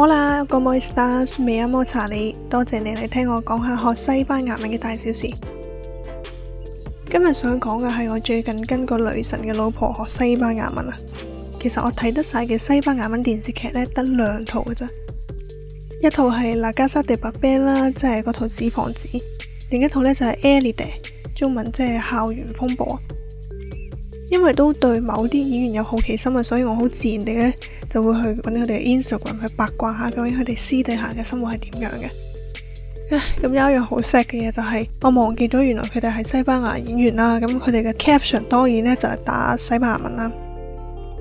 好啦，Good Morning Stars，Me llamo Charlie，Hola，多謝你嚟聽我講下學西班牙文嘅大小事。今日想講嘅係我最近跟個女神嘅老婆學西班牙文啊。其實我睇得晒嘅西班牙文電視劇呢，得兩套嘅咋。一套係《La Casa de Papel》啦，即係嗰套《紙房子》；另一套呢、就是，就係《Élite》，中文即係《校園風暴》啊。因為都對某啲演員有好奇心啊，所以我好自然地咧就會去揾佢哋嘅 Instagram 去八卦下，究竟佢哋私底下嘅生活係點樣嘅？唉，咁有一樣好 sad 嘅嘢，就係我忘記咗原來佢哋係西班牙演員啦，咁佢哋嘅 caption 當然咧就係打西班牙文啦。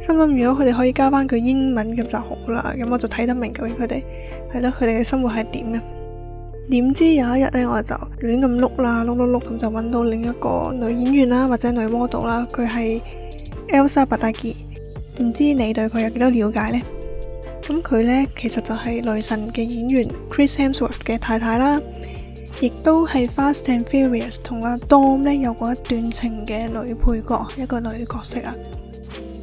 心諗，如果佢哋可以加翻句英文咁就好啦，咁我就睇得明究竟佢哋係咯，佢哋嘅生活係點嘅。點知有一日咧，我就亂咁碌啦，碌碌碌咁就揾到另一個女演員啦，或者女 model 啦，佢係 Elsa Pataky。唔知你對佢有幾多了解呢？咁佢呢，其實就係雷神嘅演員 Chris Hemsworth 嘅太太啦，亦都係 Fast and Furious 同阿 Dom 咧有過一段情嘅女配角，一個女角色啊。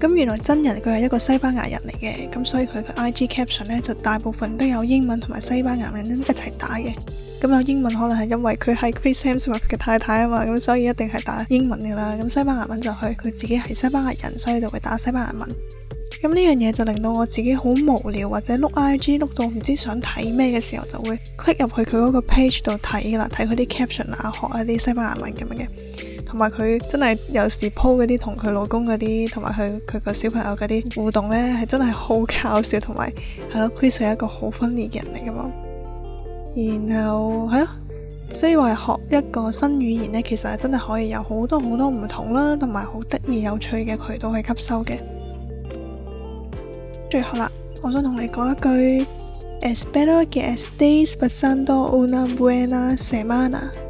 咁原來真人佢係一個西班牙人嚟嘅，咁所以佢嘅 IG caption 咧就大部分都有英文同埋西班牙文一齊打嘅。咁有英文可能係因為佢係 Chris Hemsworth 嘅太太啊嘛，咁所以一定係打英文嘅啦。咁西班牙文就佢佢自己係西班牙人，所以就會打西班牙文。咁呢樣嘢就令到我自己好無聊或者碌 IG 碌到唔知想睇咩嘅時候，就會 click 入去佢嗰個 page 度睇啦，睇佢啲 caption 啊，學一啲西班牙文咁樣嘅。同埋佢真係有時 po 嗰啲同佢老公嗰啲，同埋佢佢個小朋友嗰啲互動呢，係真係好搞笑，同埋係咯 Chris 係 Chris 一個好分裂嘅人嚟噶嘛。然後係咯、哎，所以話學一個新語言呢，其實係真係可以有好多好多唔同啦，同埋好得意有趣嘅渠道去吸收嘅。最後啦，我想同你講一句 Espero que este pasando una buena semana。